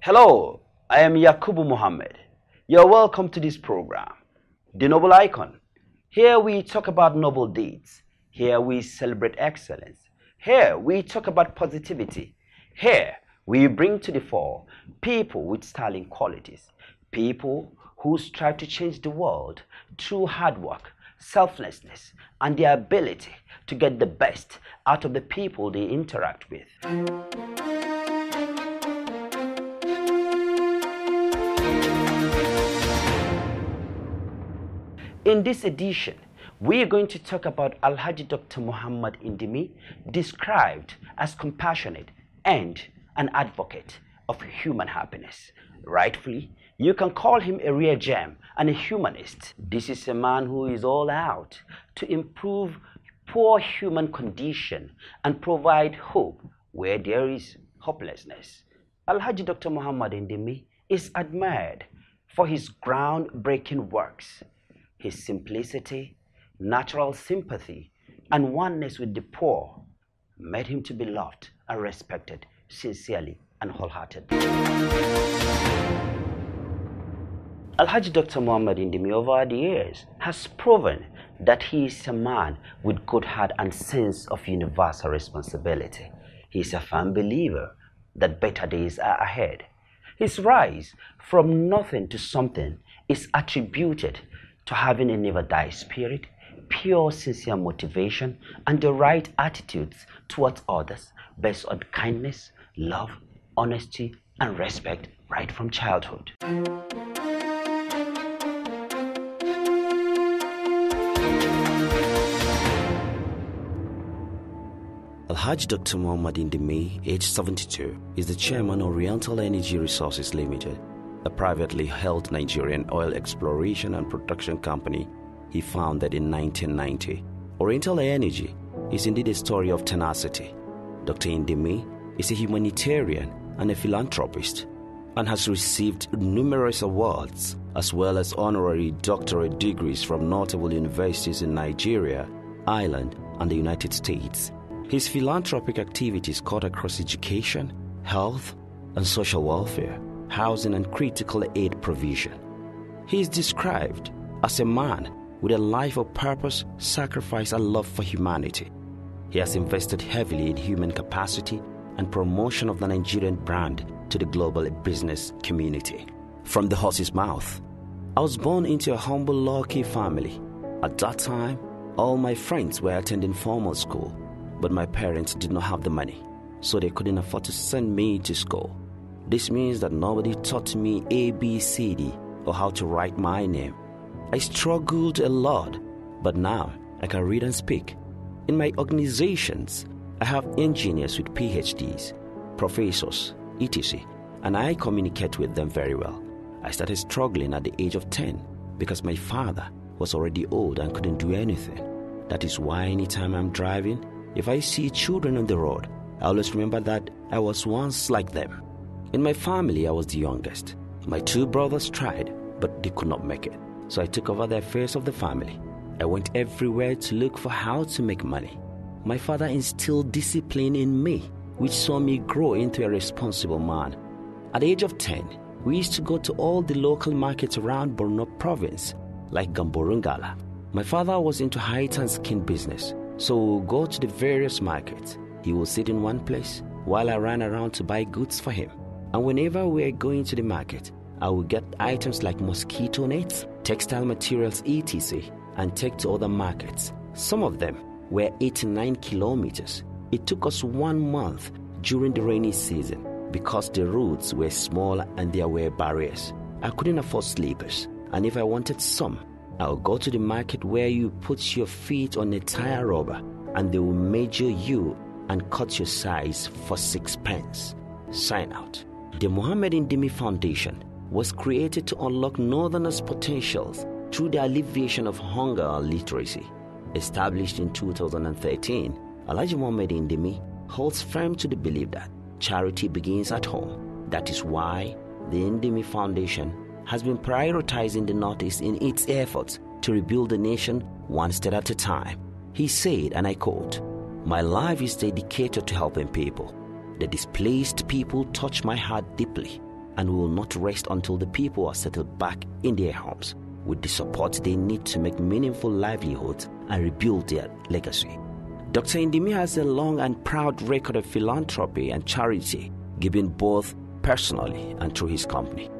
Hello, I am Yakubu Mohammed. You're welcome to this program, The Noble Icon. Here we talk about noble deeds. Here we celebrate excellence. Here we talk about positivity. Here we bring to the fore people with sterling qualities, people who strive to change the world through hard work, selflessness, and their ability to get the best out of the people they interact with. In this edition, we are going to talk about Alhaji Dr. Muhammad Indimi, described as compassionate and an advocate of human happiness. Rightfully, you can call him a real gem and a humanist. This is a man who is all out to improve poor human condition and provide hope where there is hopelessness. Alhaji Dr. Muhammad Indimi is admired for his groundbreaking works, his simplicity, natural sympathy, and oneness with the poor made him to be loved and respected sincerely and wholehearted. Alhaji Dr. Muhammad Indimi over the years has proven that he is a man with good heart and sense of universal responsibility. He is a firm believer that better days are ahead. His rise from nothing to something is attributed to having a never die spirit, pure sincere motivation, and the right attitudes towards others based on kindness, love, honesty, and respect right from childhood. Alhaj Dr. Muhammad Indimi, age 72, is the chairman of Oriental Energy Resources Limited, a privately held Nigerian oil exploration and production company he founded in 1990. Oriental Energy is indeed a story of tenacity. Dr. Indimi is a humanitarian and a philanthropist, and has received numerous awards as well as honorary doctorate degrees from notable universities in Nigeria, Ireland, and the United States. His philanthropic activities cut across education, health, and social welfare, housing, and critical aid provision. He is described as a man with a life of purpose, sacrifice, and love for humanity. He has invested heavily in human capacity and promotion of the Nigerian brand to the global business community. From the horse's mouth, I was born into a humble lucky family. At that time, all my friends were attending formal school, but my parents did not have the money, so they couldn't afford to send me to school. This means that nobody taught me A, B, C, D, or how to write my name. I struggled a lot, but now I can read and speak. In my organizations, I have engineers with PhDs, professors, etc., and I communicate with them very well. I started struggling at the age of 10 because my father was already old and couldn't do anything. That is why anytime I'm driving, if I see children on the road, I always remember that I was once like them. In my family, I was the youngest. My two brothers tried, but they could not make it. So I took over the affairs of the family. I went everywhere to look for how to make money my father instilled discipline in me, which saw me grow into a responsible man. At the age of 10, we used to go to all the local markets around Borno province, like Gamborungala. My father was into height and skin business, so we would go to the various markets. He would sit in one place while I ran around to buy goods for him. And whenever we were going to the market, I would get items like mosquito nets, textile materials, etc., and take to other markets. Some of them were 89 kilometers. It took us one month during the rainy season because the roads were small and there were barriers. I couldn't afford slippers, and if I wanted some, i would go to the market where you put your feet on a tire rubber and they will measure you and cut your size for sixpence. Sign out. The Mohammed Indimi Foundation was created to unlock Northerners' potentials through the alleviation of hunger and literacy established in 2013, Elijah Mohammed Indimi holds firm to the belief that charity begins at home. That is why the Indimi Foundation has been prioritizing the Northeast in its efforts to rebuild the nation one step at a time. He said, and I quote, My life is dedicated to helping people. The displaced people touch my heart deeply and will not rest until the people are settled back in their homes with the support they need to make meaningful livelihoods and rebuild their legacy. Dr. Indimi has a long and proud record of philanthropy and charity, giving both personally and through his company.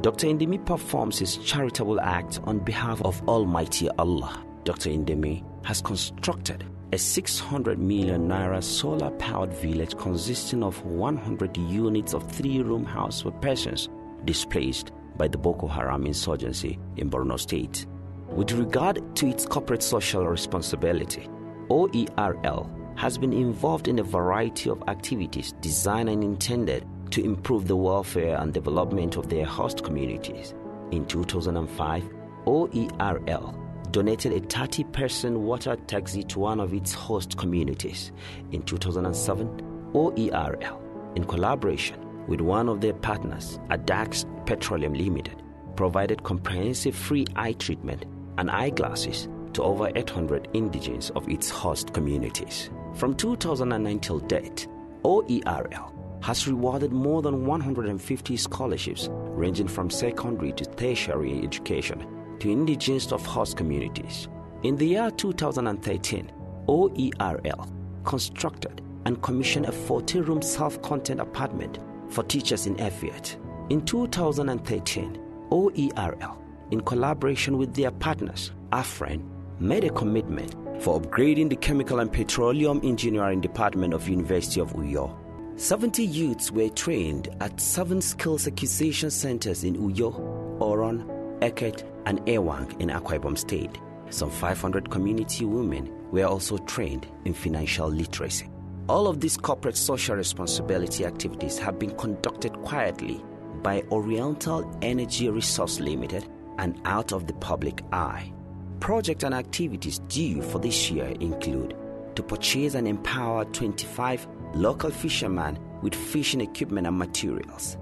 Dr. Indimi performs his charitable act on behalf of Almighty Allah. Dr. Indimi has constructed a 600 million naira solar powered village consisting of 100 units of three room house for persons displaced by the Boko Haram insurgency in Borno State with regard to its corporate social responsibility, OERL has been involved in a variety of activities designed and intended to improve the welfare and development of their host communities. In 2005, OERL donated a 30 person water taxi to one of its host communities. In 2007, OERL, in collaboration with one of their partners, ADAX Petroleum Limited, provided comprehensive free eye treatment and eyeglasses to over 800 indigents of its host communities. From 2009 till date, OERL has rewarded more than 150 scholarships ranging from secondary to tertiary education to indigents of host communities. In the year 2013, OERL constructed and commissioned a 40 room self contained apartment for teachers in Effiat. In 2013, OERL in collaboration with their partners, AFREN, made a commitment for upgrading the Chemical and Petroleum Engineering Department of University of Uyo. 70 youths were trained at seven skills acquisition centers in Uyo, Oron, Eket, and Ewang in Akwa Ibom State. Some 500 community women were also trained in financial literacy. All of these corporate social responsibility activities have been conducted quietly by Oriental Energy Resource Limited and out of the public eye. Projects and activities due for this year include to purchase and empower 25 local fishermen with fishing equipment and materials,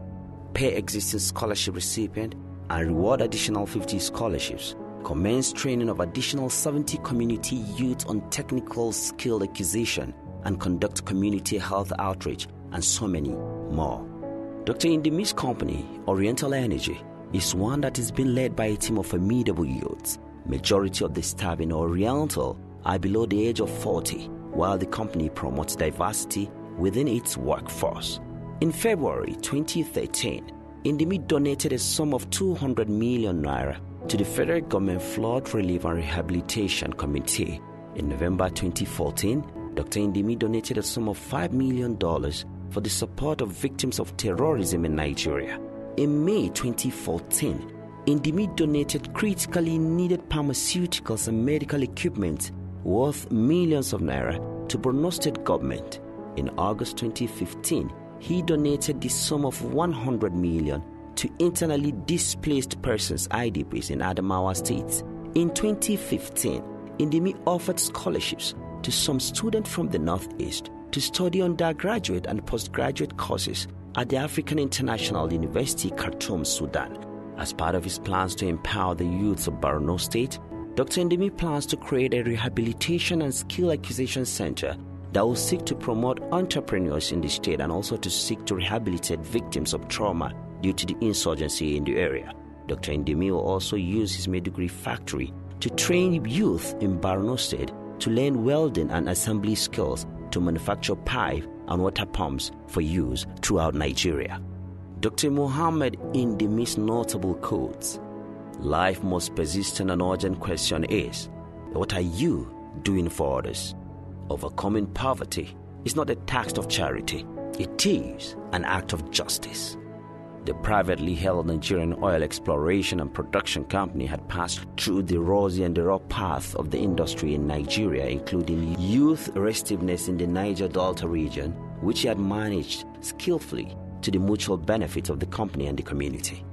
pay existing scholarship recipients and reward additional 50 scholarships, commence training of additional 70 community youth on technical skill acquisition, and conduct community health outreach, and so many more. Dr. Indemi's company, Oriental Energy, is one that is being led by a team of formidable youths. Majority of the staff in Oriental are below the age of 40, while the company promotes diversity within its workforce. In February 2013, Indimi donated a sum of 200 million naira to the federal government flood relief and rehabilitation committee. In November 2014, Dr. Indimi donated a sum of $5 million for the support of victims of terrorism in Nigeria. In May 2014, Indemit donated critically needed pharmaceuticals and medical equipment worth millions of naira to Borno State government. In August 2015, he donated the sum of 100 million to internally displaced persons IDPs in Adamawa State. In 2015, Indimi offered scholarships to some students from the Northeast to study undergraduate and postgraduate courses at the African International University, Khartoum, Sudan. As part of his plans to empower the youths of Borno State, Dr. Ndemi plans to create a rehabilitation and skill acquisition center that will seek to promote entrepreneurs in the state and also to seek to rehabilitate victims of trauma due to the insurgency in the area. Dr. Ndemi will also use his medigree factory to train youth in Borno State to learn welding and assembly skills to manufacture pipe and water pumps for use throughout Nigeria. Dr. Muhammad, in the most notable quotes, Life most persistent and urgent question is what are you doing for others? Overcoming poverty is not a task of charity, it is an act of justice. The privately held Nigerian oil exploration and production company had passed through the rosy and the rough path of the industry in Nigeria, including youth restiveness in the Niger Delta region, which he had managed skillfully to the mutual benefit of the company and the community.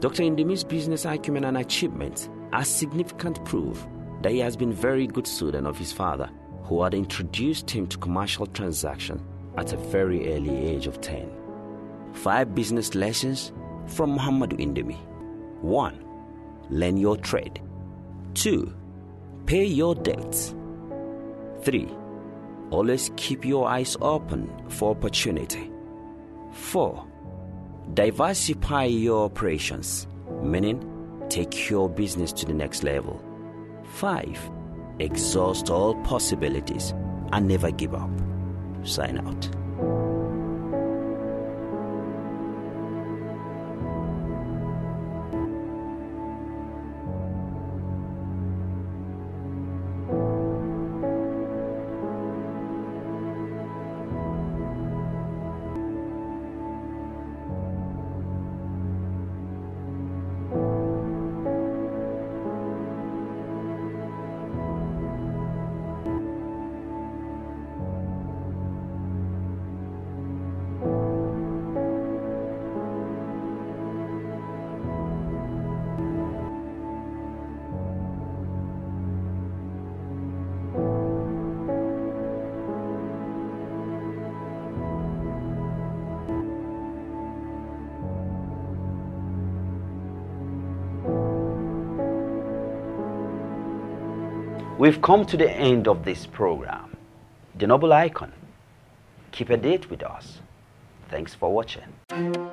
Dr. Indemi's business acumen and achievements are significant proof that he has been very good student of his father, who had introduced him to commercial transactions at a very early age of 10. Five business lessons from Muhammadu Indemi. 1. Learn your trade. 2. Pay your debts. 3. Always keep your eyes open for opportunity. 4. Diversify your operations, meaning take your business to the next level. 5. Exhaust all possibilities and never give up. Sign out. We've come to the end of this program. The Noble Icon. Keep a date with us. Thanks for watching.